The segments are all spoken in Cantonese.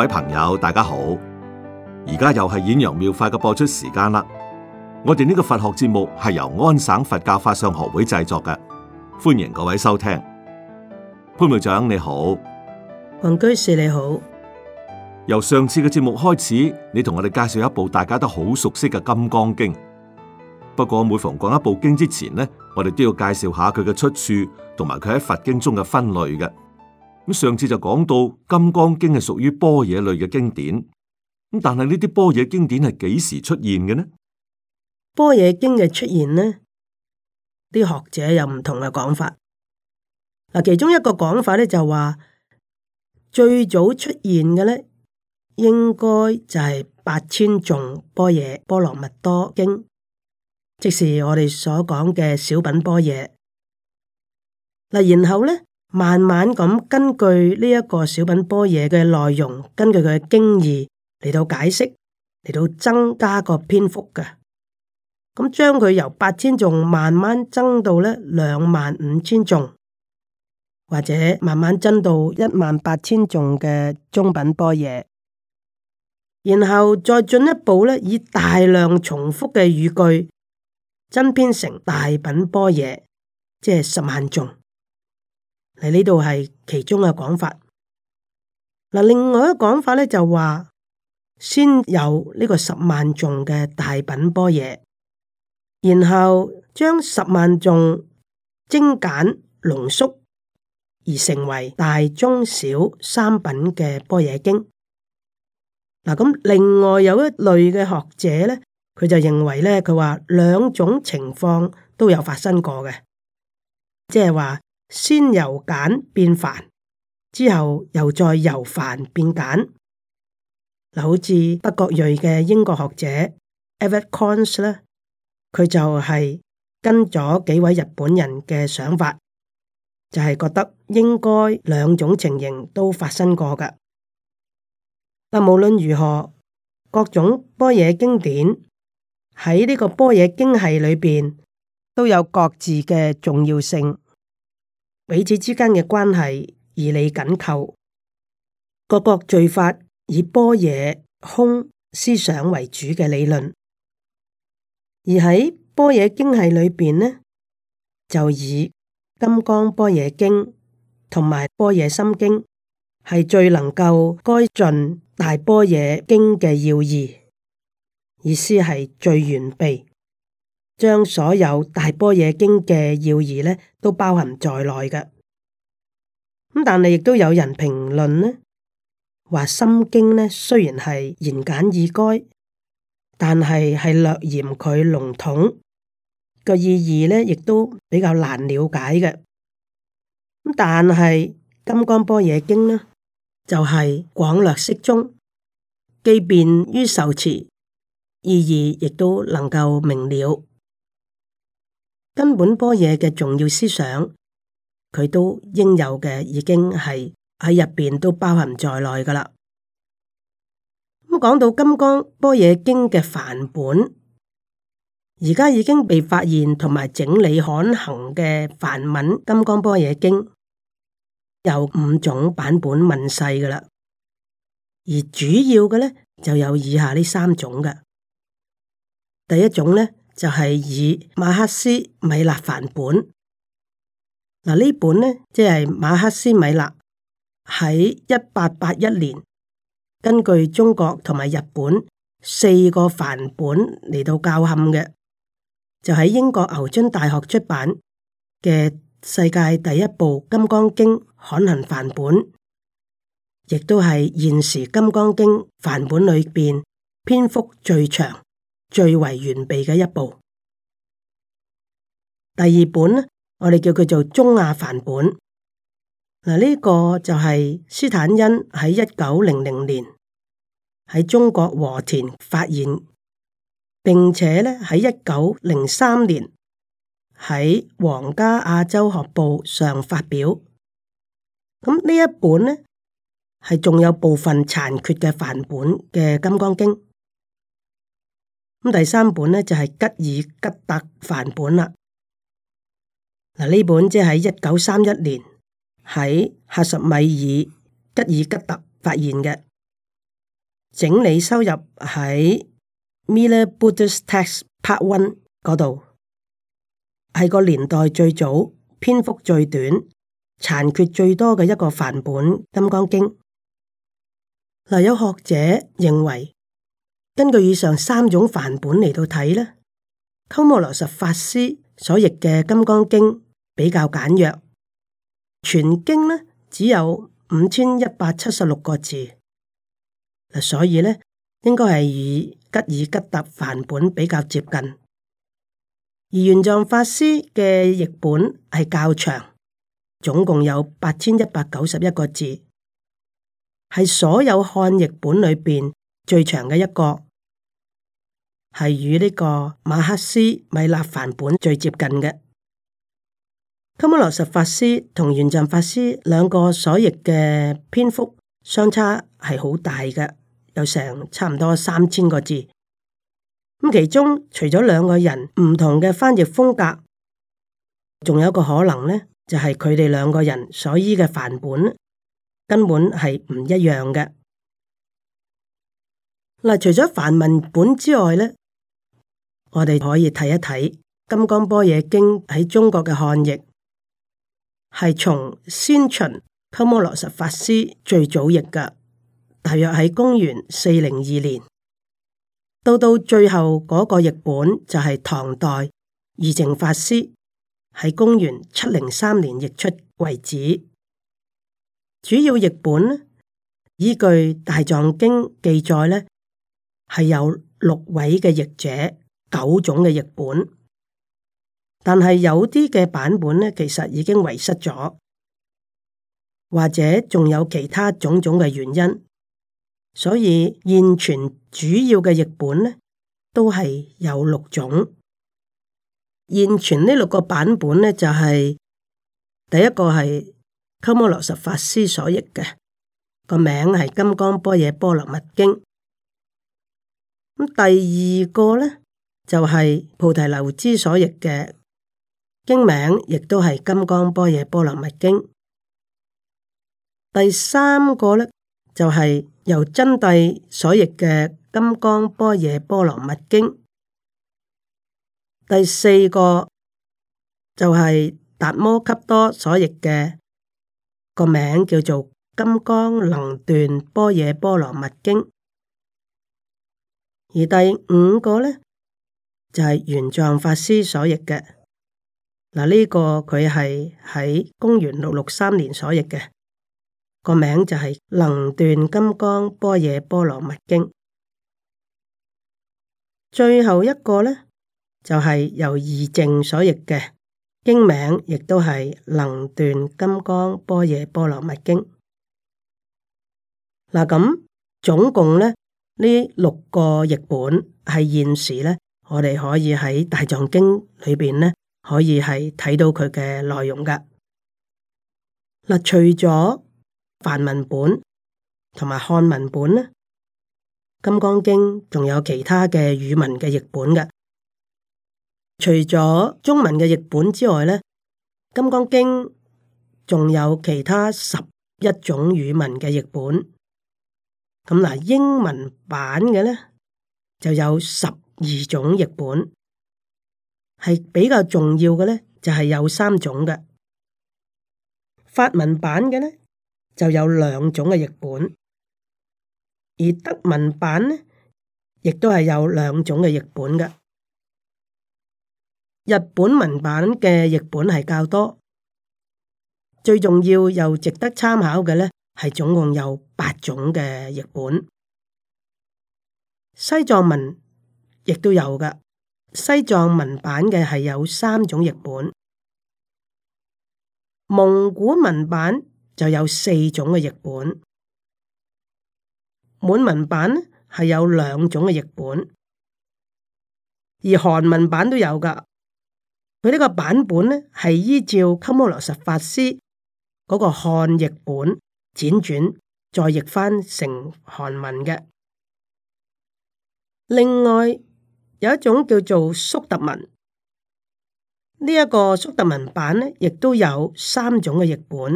各位朋友，大家好！而家又係演揚妙法嘅播出時間啦。我哋呢個佛學節目係由安省佛教法相學會製作嘅，歡迎各位收聽。潘秘書長你好，黃居士，你好。由上次嘅節目開始，你同我哋介紹一部大家都好熟悉嘅《金剛經》。不過每逢講一部經之前呢，我哋都要介紹下佢嘅出處同埋佢喺佛經中嘅分類嘅。上次就講到《金剛經》係屬於般若類嘅經典，咁但係呢啲般若經典係幾時出現嘅呢？般若經嘅出現呢，啲學者有唔同嘅講法。嗱，其中一個講法咧就話，最早出現嘅咧，應該就係《八千頌般若波羅蜜多經》，即係我哋所講嘅小品般若。嗱，然後咧。慢慢咁根據呢一個小品般若嘅內容，根據佢嘅經義嚟到解釋，嚟到增加個篇幅嘅，咁將佢由八千頌慢慢增到呢兩萬五千頌，或者慢慢增到一萬八千頌嘅中品般若，然後再進一步呢，以大量重複嘅語句增編成大品般若，即係十萬頌。嚟呢度係其中嘅講法。嗱，另外一個講法咧就話，先有呢個十萬眾嘅大品般若，然後將十萬眾精簡濃縮，而成為大中小三品嘅般若經。嗱，咁另外有一類嘅學者咧，佢就認為咧，佢話兩種情況都有發生過嘅，即係話。先由簡變繁，之後又再由繁變簡。好似德國裔嘅英國學者 Edward Conze 咧，佢就係跟咗幾位日本人嘅想法，就係、是、覺得應該兩種情形，都發生過噶。但無論如何，各種般若經典喺呢個般若經系裏邊都有各自嘅重要性。彼此之間嘅關係以理緊扣，各國罪法以般若空思想為主嘅理論，而喺般若經系裏邊呢，就以《金剛般若經》同埋《般若心經》係最能夠該盡大般若經嘅要義，意思係最完備，將所有大般若經嘅要義咧，都包含在內嘅。咁但係亦都有人評論咧，話心經咧雖然係言簡意賅，但係係略嫌佢籠統個意義咧，亦都比較難了解嘅。咁但係金剛般若經咧，就係、是、廣略適中，既便於受持，意義亦都能夠明了。根本般若嘅重要思想，佢都應有嘅，已經係喺入邊都包含在內㗎喇。咁講到金剛般若經嘅梵本，而家已經被發現同埋整理刊行嘅梵文金剛般若經，有五種版本問世㗎喇。而主要嘅咧就有以下呢三種嘅，第一種咧。就係以馬克思米勒范本，嗱呢本呢，即係馬克思米勒喺一八八一年，根據中國同埋日本四個範本嚟到校勘嘅，就喺英國牛津大學出版嘅世界第一部《金剛經》刊行範本，亦都係現時《金剛經》範本裏邊篇幅最長，最為完備嘅一部。第二本咧，我哋叫佢做中亞梵本。嗱，呢個就係斯坦因喺一九零零年喺中國和田發現，並且呢喺一九零三年喺皇家亞洲學報上發表。咁呢一本呢，係仲有部分殘缺嘅梵本嘅金剛經。咁第三本咧，就係、是、吉爾吉特梵本啦。嗱，呢本即係一九三一年喺克什米爾吉爾吉特發現嘅，整理收入喺 Miller Buddhist Texts Part One 嗰度，係個年代最早、篇幅最短、殘缺最多嘅一個梵本《金剛經》。嗱，有學者認為。根據以上三種梵本，嚟到睇呢，鳩摩羅什法師所譯嘅《金剛經》比較簡約，全經呢只有五千一百七十六個字。所以呢應該係與吉爾吉特梵本比較接近。而玄奘法師嘅譯本係較長，總共有八千一百九十一個字，係所有漢譯本裏面最長嘅一個係與呢個馬克思米納梵本最接近嘅。鳩摩羅什法師同玄奘法師兩個所譯嘅篇幅相差係好大嘅，有成差唔多三千個字。咁其中除咗兩個人唔同嘅翻譯風格，仲有一個可能呢，就係佢哋兩個人所依嘅梵本根本係唔一樣嘅。嗱、啊，除咗梵文本之外呢，我哋可以睇一睇《金剛般若經》喺中國嘅漢譯，係從先秦鳩摩羅什法師最早譯嘅，大約喺公元四零二年，到到最後嗰個譯本就係唐代義淨法師，係公元七零三年譯出為止。主要譯本呢，依據《大藏經》記載呢。係有六位嘅譯者，九種嘅譯本，但係有啲嘅版本咧，其實已經遺失咗，或者仲有其他種種嘅原因，所以現存主要嘅譯本咧，都係有六種。現存呢六個版本咧，就係、是、第一個係鳩摩羅什法師所譯嘅，個名係《金剛般若波羅蜜經》。咁第二個呢，就係、是、菩提流支所譯嘅經名，亦都係《金剛般若波羅蜜經》。第三個呢，就係、是、由真諦所譯嘅《金剛般若波羅蜜經》。第四個就係達摩笈多所譯嘅個名叫做《金剛能斷般若波羅蜜經》。而第五個呢，就係玄奘法師所譯嘅，嗱呢個佢係喺公元六六三年所譯嘅，個名就係《能斷金剛般若波羅蜜經》。最後一個呢，就係由義淨所譯嘅，經名亦都係《能斷金剛般若波羅蜜經》。嗱咁，總共呢。呢六個譯本係現時咧，我哋可以喺大藏經裏邊咧，面可以係睇到佢嘅內容噶。嗱，除咗梵文本同埋漢文本咧，《金剛經》仲有其他嘅語文嘅譯本嘅。除咗中文嘅譯本之外咧，《金剛經》仲有其他十一種語文嘅譯本。咁嗱，英文版嘅咧就有十二種譯本，係比較重要嘅咧，就係有三種嘅。法文版嘅咧就有兩種嘅譯本，而德文版咧亦都係有兩種嘅譯本嘅。日本文版嘅譯本係較多，最重要又值得參考嘅咧。係總共有八種嘅譯本，西藏文亦都有嘅。西藏文版嘅係有三種譯本，蒙古文版就有四種嘅譯本，滿文版咧係有兩種嘅譯本，而韓文版都有嘅。佢呢個版本咧係依照鳩摩羅什法師嗰個漢譯本。輾轉再譯，翻成韓文嘅。另外有一種叫做粟特文，呢、這、一個粟特文版呢，亦都有三種嘅譯本。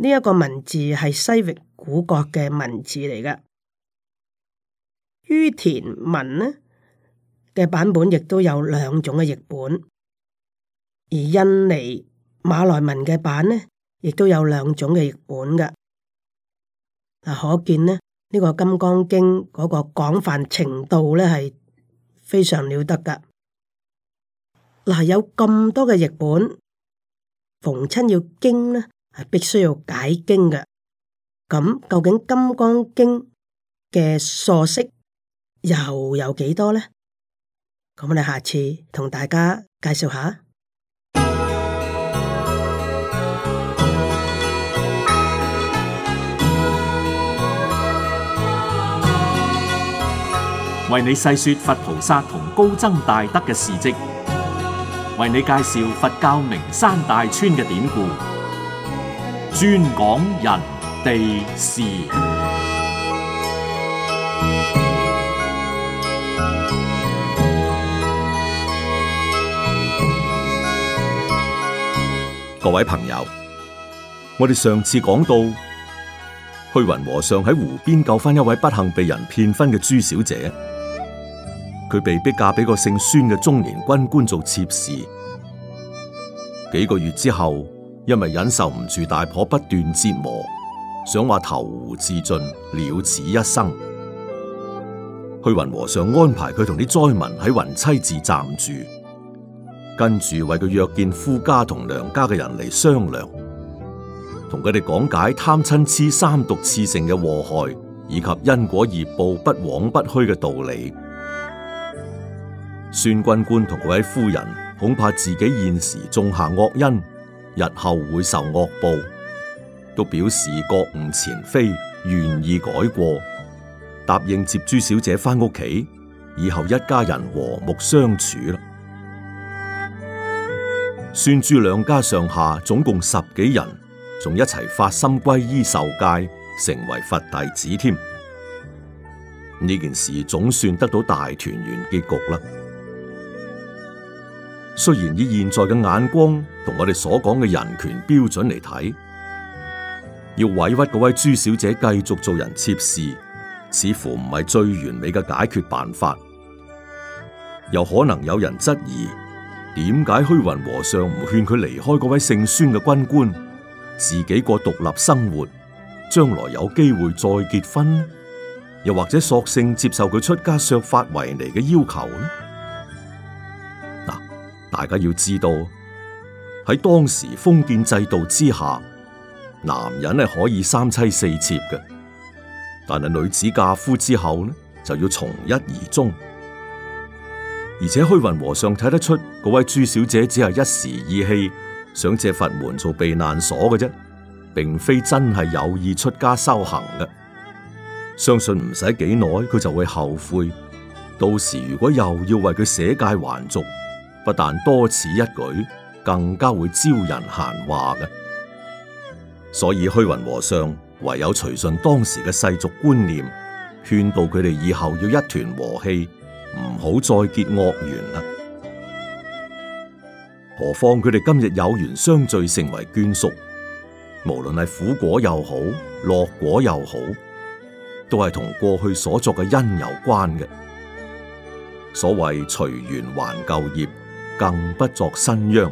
呢、這、一個文字係西域古國嘅文字嚟㗎。于田文呢嘅版本亦都有兩種嘅譯本，而印尼馬來文嘅版呢，亦都有兩種嘅譯本嘅，嗱，可見呢呢、這個金剛經嗰、那個廣泛程度咧係非常了得嘅。嗱、啊，有咁多嘅譯本，逢親要經咧係必須要解經嘅。咁究竟金剛經嘅疏釋又有幾多咧？咁我哋下次同大家介紹下。為你細說佛菩薩同高僧大德嘅事跡，為你介紹佛教名山大川嘅典故，專講人地事。各位朋友，我哋上次講到，虛雲和尚喺湖邊救返一位不幸被人騙婚嘅朱小姐。佢被逼嫁俾個姓孫嘅中年軍官做妾侍，幾個月之後，因為忍受唔住大婆不斷折磨，想話投湖自盡了此一生。虛雲和尚安排佢同啲災民喺雲棲寺暫住，跟住為佢約見夫家同娘家嘅人嚟商量，同佢哋講解貪嗔痴三毒熾盛嘅禍害，以及因果業報不枉不虛嘅道理。孫軍官同佢位夫人恐怕自己現時種下惡因，日後會受惡報，都表示覺悟前非，願意改過，答應接朱小姐返屋企，以後一家人和睦相處啦。孫朱兩家上下總共十幾人，仲一齊發心皈依受戒，成為佛弟子添。呢件事總算得到大團圓結局啦。雖然以現在嘅眼光同我哋所講嘅人權標準嚟睇，要委屈嗰位朱小姐繼續做人妾侍，似乎唔係最完美嘅解決辦法。又可能有人質疑，點解虛雲和尚唔勸佢離開嗰位姓孫嘅軍官，自己過獨立生活，將來有機會再結婚，又或者索性接受佢出家削髮為尼嘅要求呢？大家要知道喺當時封建制度之下，男人係可以三妻四妾嘅，但係女子嫁夫之後呢，就要從一而終。而且虛雲和尚睇得出，嗰位朱小姐只係一時意氣，想借佛門做避難所嘅啫，並非真係有意出家修行嘅。相信唔使幾耐，佢就會後悔。到時如果又要為佢捨戒還俗。不但多此一舉，更加會招人閒話嘅。所以虛雲和尚唯有隨順當時嘅世俗觀念，勸導佢哋以後要一團和氣，唔好再結惡緣啦。何況佢哋今日有緣相聚，成為眷屬，無論係苦果又好，樂果又好，都係同過去所作嘅因有關嘅。所謂隨緣還舊業。更不作新殃。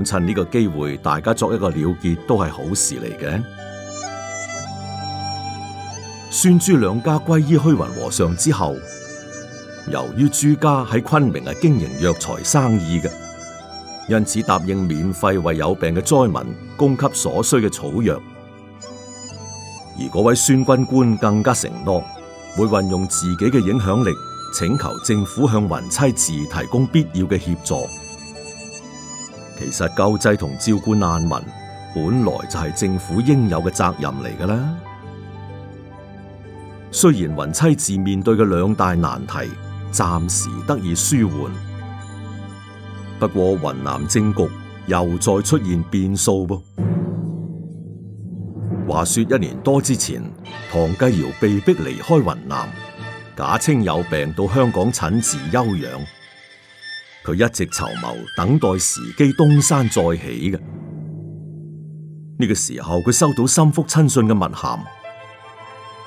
咁趁呢個機會，大家作一個了結都係好事嚟嘅。孫朱兩家歸依虛雲和尚之後，由於朱家喺昆明係經營藥材生意嘅，因此答應免費為有病嘅災民供給所需嘅草藥。而嗰位孫軍官更加承諾，會運用自己嘅影響力。請求政府向雲棲寺提供必要嘅協助。其實救濟同照顧難民本來就係政府應有嘅責任嚟㗎啦。雖然雲棲寺面對嘅兩大難題暫時得以舒緩，不過雲南政局又再出現變數噃。話說一年多之前，唐繼堯被迫離開雲南。假稱有病到香港診治休養，佢一直籌謀等待時機東山再起嘅。呢個時候佢收到心腹親信嘅密函，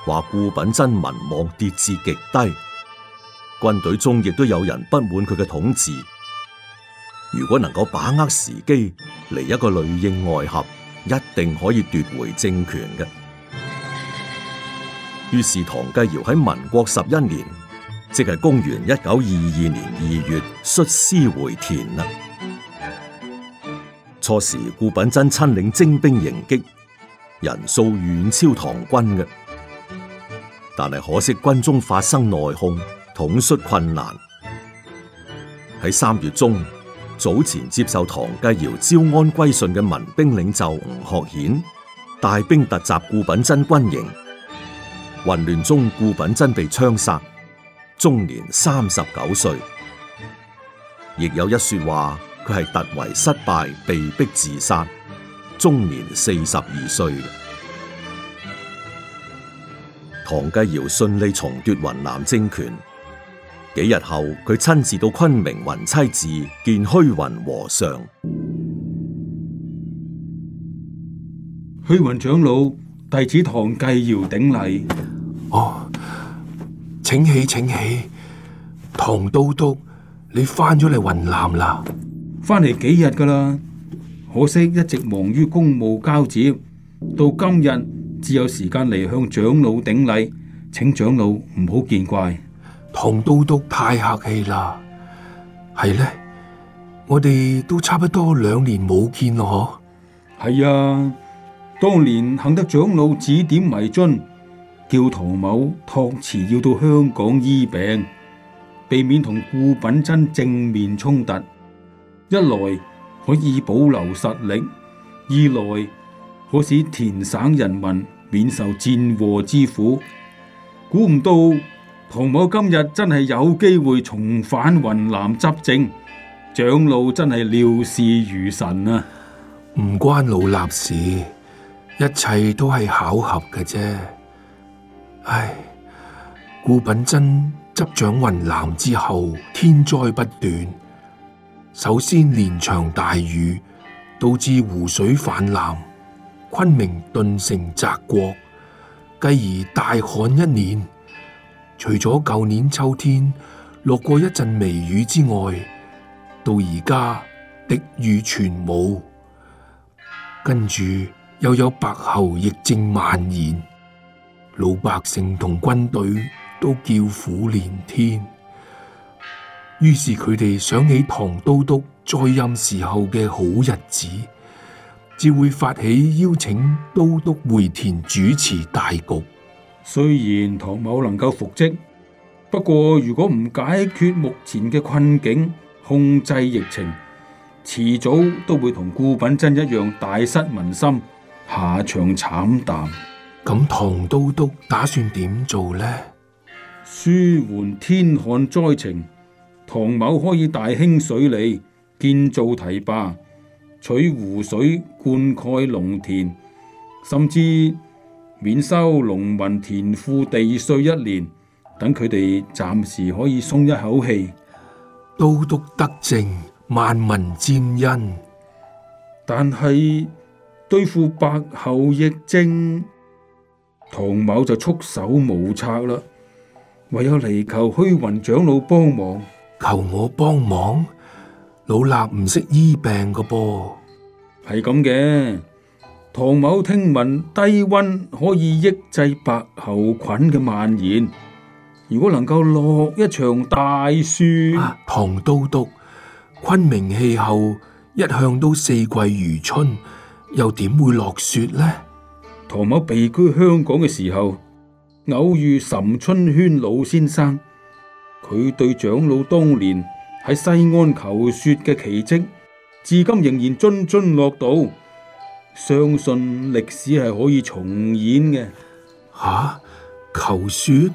話顧品珍民望跌至極低，軍隊中亦都有人不滿佢嘅統治。如果能夠把握時機嚟一個裡應外合，一定可以奪回政權嘅。於是唐繼堯喺民國十一年，即係公元一九二二年二月，率師回田啦。初時顧品珍親領精兵迎擊，人數遠超唐軍嘅，但係可惜軍中發生內訌，統率困難。喺三月中，早前接受唐繼堯招安歸順嘅民兵領袖吳學顯，帶兵突襲顧品珍軍營。混亂中真，顧品珍被槍殺，終年三十九歲；亦有一說話佢係突圍失敗，被迫自殺，終年四十二歲。唐繼堯順利重奪雲南政權，幾日後佢親自到昆明雲棲寺見虛雲和尚。虛雲長老，弟子唐繼堯頂禮。哦，請起，請起，唐都督，你翻咗嚟雲南啦？翻嚟幾日噶啦？可惜一直忙於公務交接，到今日只有時間嚟向長老頂禮，請長老唔好見怪。唐都督太客氣啦，係咧，我哋都差唔多兩年冇見咯嗬？係啊，當年幸得長老指點迷津。叫唐某託辭要到香港醫病，避免同顧品珍正面衝突。一來可以保留實力，二來可使田省人民免受戰禍之苦。估唔到唐某今日真係有機會重返雲南執政，長老真係料事如神啊！唔關老衲事，一切都係巧合嘅啫。唉，顧品珍執掌雲南之後，天災不斷。首先連場大雨，導致湖水泛濫，昆明頓成澤國。繼而大旱一年，除咗舊年秋天落過一陣微雨之外，到而家滴雨全無。跟住又有白喉疫症蔓延。老百姓同軍隊都叫苦連天，於是佢哋想起唐都督在任時候嘅好日子，就會發起邀請都督回田主持大局。雖然唐某能夠復職，不過如果唔解決目前嘅困境，控制疫情，遲早都會同顧品珍一樣大失民心，下場慘淡。咁唐都督打算點做呢？舒緩天旱災情，唐某可以大興水利，建造堤壩，取湖水灌溉農田，甚至免收農民田賦地稅一年，等佢哋暫時可以鬆一口氣。都督德政，萬民沾恩，但係對付白喉疫症。唐某就束手無策啦，唯有嚟求虛雲長老幫忙，求我幫忙。老衲唔識醫病個噃，係咁嘅。唐某聽聞低溫可以抑制白喉菌嘅蔓延，如果能夠落一場大雪。啊，唐都督，昆明氣候一向都四季如春，又點會落雪呢？唐某避居香港嘅時候，偶遇岑春軒老先生，佢對長老當年喺西安求雪嘅奇迹，至今仍然津津樂道。相信歷史係可以重演嘅。吓、啊，求雪？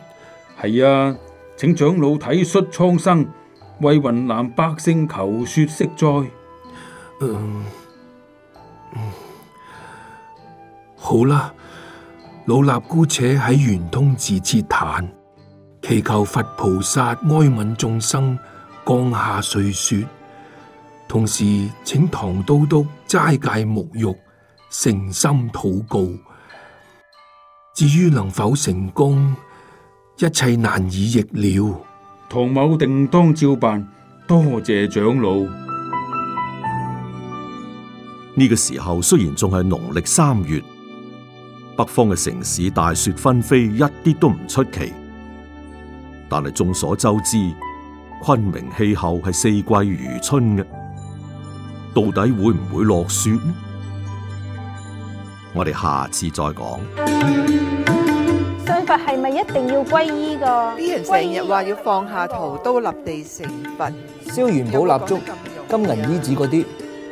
係啊，請長老體恤蒼生，為雲南百姓求雪息災。嗯嗯好啦，老衲姑且喺圓通寺設壇祈求佛菩薩哀憫眾生，降下瑞雪。同時，請唐都督齋戒沐浴，誠心禱告。至於能否成功，一切難以逆料。唐某定當照辦，多謝長老。呢個時候雖然仲係農曆三月。北方嘅城市大雪紛飛一啲都唔出奇，但係眾所周知，昆明氣候係四季如春嘅，到底會唔會落雪呢？我哋下次再講。信佛係咪一定要皈依噶？啲人成日話要放下屠刀立地成佛，燒元寶蠟燭、金銀衣紙嗰啲，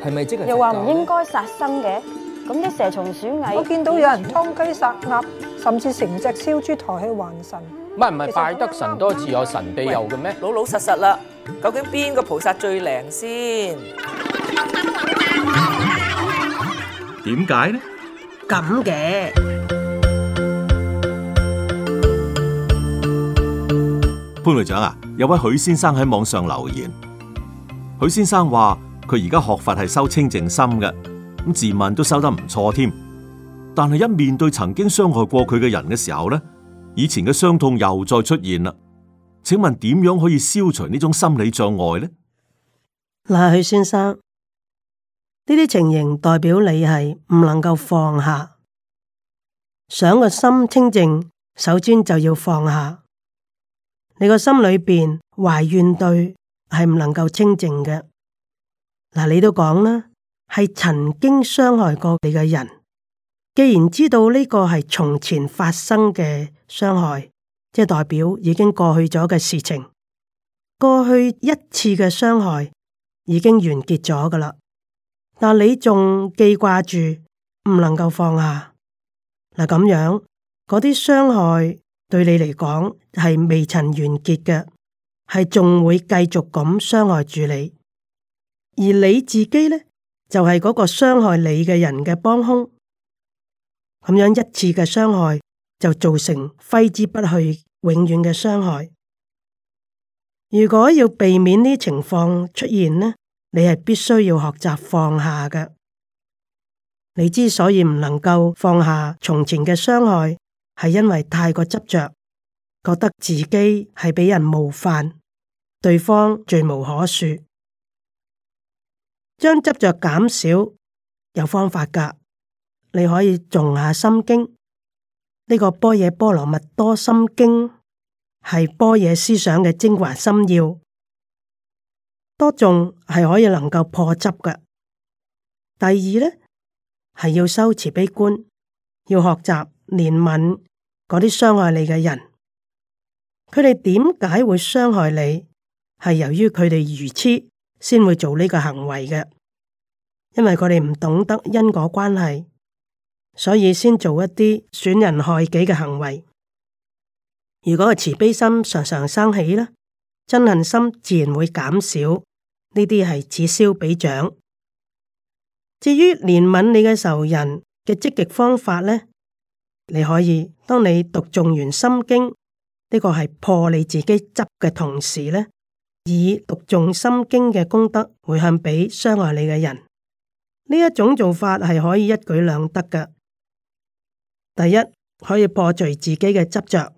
係咪即係？又話唔應該殺生嘅？咁啲蛇蟲鼠蟻，我見到有人劏雞殺鴨，甚至成隻燒豬抬起還神。唔係唔係，拜得神多自有神庇佑嘅咩？老老實實啦，究竟邊個菩薩最靈先？點解呢？咁嘅潘隊長啊，有位許先生喺網上留言。許先生話佢而家學佛係修清淨心嘅。咁自問都收得唔錯添，但係一面對曾經傷害過佢嘅人嘅時候呢，以前嘅傷痛又再出現啦。請問點樣可以消除呢種心理障礙呢？嗱，許先生，呢啲情形代表你係唔能夠放下，想個心清靜，首先就要放下。你個心裏邊懷怨對係唔能夠清靜嘅。嗱，你都講啦。係曾經傷害過你嘅人，既然知道呢個係從前發生嘅傷害，即係代表已經過去咗嘅事情，過去一次嘅傷害已經完結咗㗎喇。但你仲記掛住，唔能夠放下，嗱，咁樣嗰啲傷害，對你嚟講係未曾完結嘅，係仲會繼續咁傷害住你，而你自己呢？就係嗰個傷害你嘅人嘅幫兇，咁樣一次嘅傷害就造成揮之不去、永遠嘅傷害。如果要避免呢情況出現呢，你係必須要學習放下嘅。你之所以唔能夠放下從前嘅傷害，係因為太過執着，覺得自己係俾人冒犯，對方罪無可恕。將執着減少有方法噶，你可以誦下《心經》這，呢個《般若波羅蜜多心經》係般若思想嘅精華心要，多誦係可以能夠破執噶。第二咧，係要修慈悲觀，要學習憐憫嗰啲傷害你嘅人，佢哋點解會傷害你？係由於佢哋愚痴，先會做呢個行為嘅，因為佢哋唔懂得因果關係，所以先做一啲損人害己嘅行為。如果個慈悲心常常生起咧，憎恨心自然會減少。呢啲係此消彼長。至於憐憫你嘅仇人嘅積極方法呢，你可以當你讀誦完《心經》呢，這個係破你自己執嘅同時呢。以讀誦心經嘅功德回向俾傷害你嘅人，呢一種做法係可以一舉兩得嘅。第一，可以破除自己嘅執着；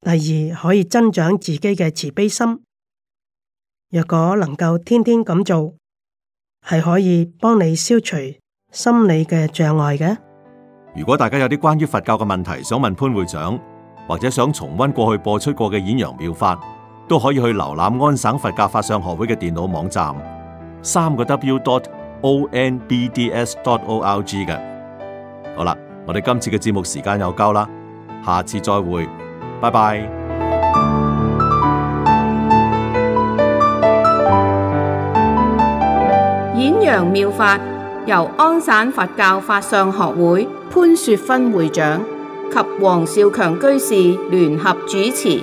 第二，可以增長自己嘅慈悲心。若果能夠天天咁做，係可以幫你消除心理嘅障礙嘅。如果大家有啲關於佛教嘅問題，想問潘會長，或者想重溫過去播出過嘅演揚妙法。都可以去瀏覽安省佛教法相學會嘅電腦網站，三個 w.dot.o.n.b.d.s.dot.o.r.g 嘅。好啦，我哋今次嘅節目時間又夠啦，下次再會，拜拜。演揚妙法由安省佛教法相學會潘雪芬會長及黃少強居士聯合主持。